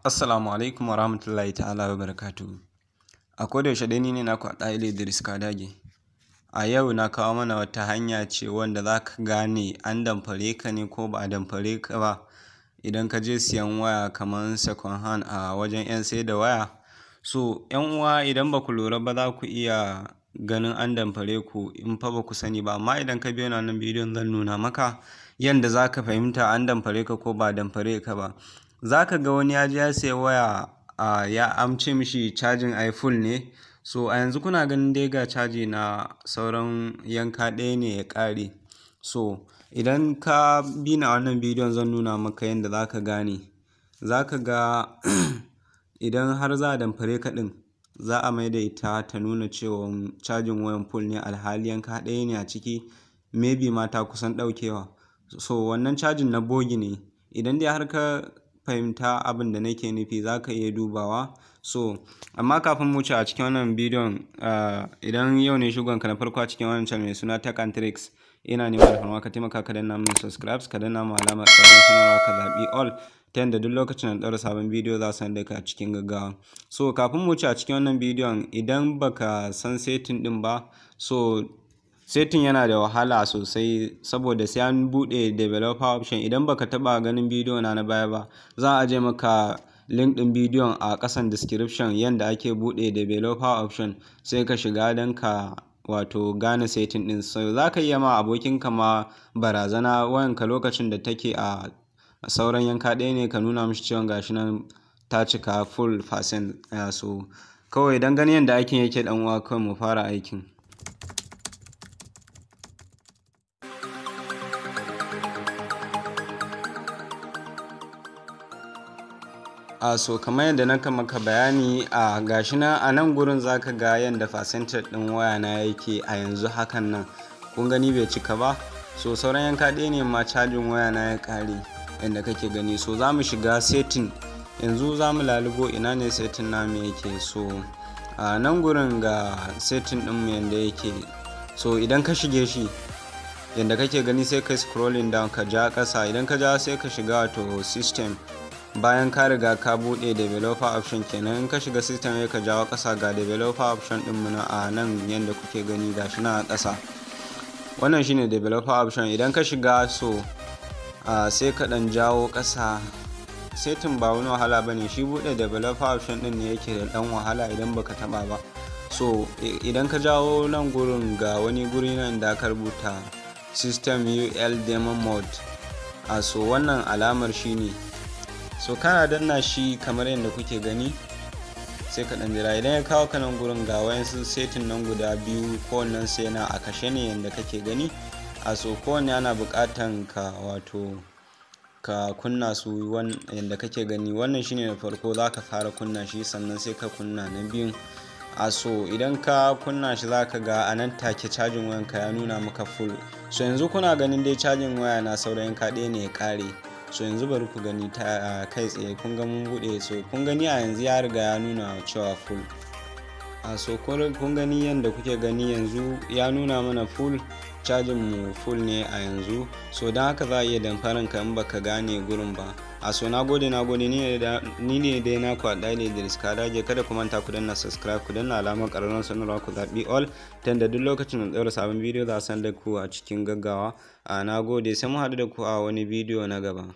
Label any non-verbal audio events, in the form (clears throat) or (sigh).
assalamu alaikum wa rahmatullahi ta'ala wa barakatu a yaushe dai ni ne naku a ɗa'ile idris kadage a yau na kawo mana wata hanya ce wanda za ka gane an damfare ka ne ko ba a damfare ka ba idan ka je siyan waya kamar second hand a wajen 'yan sai da waya so 'yan uwa idan ba ku lura ba za ku iya ganin an damfare ku in fa ba ku sani ba amma idan ka biyo wannan bidiyon zan nuna maka yanda za ka fahimta an damfare ka ko ba damfare ka ba za ka ga wani ya je ya sayi waya a ya amce mishi cajin iphone ne so a yanzu kuna ganin dai ga caji na sauran yanka ɗaya ne ya ƙare so idan ka bi na wannan bidiyon zan nuna maka yadda za ka gane za ka ga (clears throat) idan har za a damfare ka ɗin za a da ita ta nuna cewa cajin wayan ful ne alhali yanka ɗaya ne a ciki maybe ma ta kusan ɗaukewa so wannan cajin na bogi ne idan dai har ka fahimta abin da nake nufi za ka iya dubawa so amma kafin mu ci a cikin wannan bidiyon eh, idan yau ne shuganka na farko a cikin wannan channel mai suna tech and tricks ina neman alfarma ka taimaka ka danna min subscribes ka danna mu alamar tsaron sanarwa ka zaɓi all ta yadda duk lokacin da ɗaura sabon bidiyo za su da ka cikin gaggawa so kafin mu ci a cikin wannan bidiyon idan baka san setting ɗin ba so setin yana da wahala sosai saboda sai an buɗe developer option idan baka taba ganin bidiyo na na baya ba za a je maka link din bidiyon a kasan description yanda ake bude developer option sai ka shiga don ka wato gane setin din so za ka iya ma ka ma barazana wayanka lokacin da take a sauran yanka ɗaya ne ka nuna mishi cewa gashi nan ta cika full percent eh, so kawai don ganin yadda aikin yake ɗan uwa kawai mu fara aikin a so kamar yadda na maka bayani a gashi na a nan gurin zaka ga yadda percentage ɗin waya na yake a yanzu hakan nan kun gani bai cika ba so sauran yanka ɗaya ne ma cajin waya na ya ƙare yadda kake gani so za mu shiga setin yanzu za mu lalugo ina ne setting namu yake so a nan gurin ga setting ɗinmu yadda yake so idan ka shige shi yadda kake gani sai ka scrolling down ka ja ƙasa idan ka ja sai ka shiga to system bayan ka riga ka buɗe developer option kenan in ka shiga system ya ka jawo ƙasa ga developer option ɗin mu a nan yadda kuke gani gashi na a ƙasa wannan shine developer option idan ka shiga so sai ka ɗan jawo ƙasa setting ba wani wahala ba ne shi buɗe developer option ɗin ne yake da ɗan wahala idan baka taɓa ba so idan ka jawo nan gurin ga wani guri nan da ka rubuta system ul demo mode a so wannan alamar shine so kana danna shi kamar yadda kuke gani sai ka ɗanjira idan ya kawo ka nan gurin ga wayansu setin nan guda biyu kowannan sai na a kashe ne yadda kake gani a so kowanne ana buƙatan ka wato ka kunna su yadda kake gani wannan shine na farko za ka fara kunna shi sannan sai ka kunna na biyun a so idan ka kunna shi za ka ga a nan take cajin wayanka ya nuna maka full so yanzu kuna ganin dai cajin waya na saurayin ka ɗaya ne ya ƙare so yanzu bari ku gani ta kai tsaye kun ga mun bude so kun gani a yanzu ya riga ya nuna cewa full a sokoro kun gani yadda kuke gani yanzu ya nuna mana full cajin mu full ne a yanzu so don haka za a iya damfarin ka in baka gane gurin ba a so na gode na gode ni ne dai na ku da Idris Kadaje kada ku manta ku danna subscribe ku danna alamar karamin sanarwa ku zaɓi all tan da duk lokacin da ɗaura sabon bidiyo za a san da ku a cikin gaggawa a na gode sai mu haɗu da ku a wani bidiyo na gaba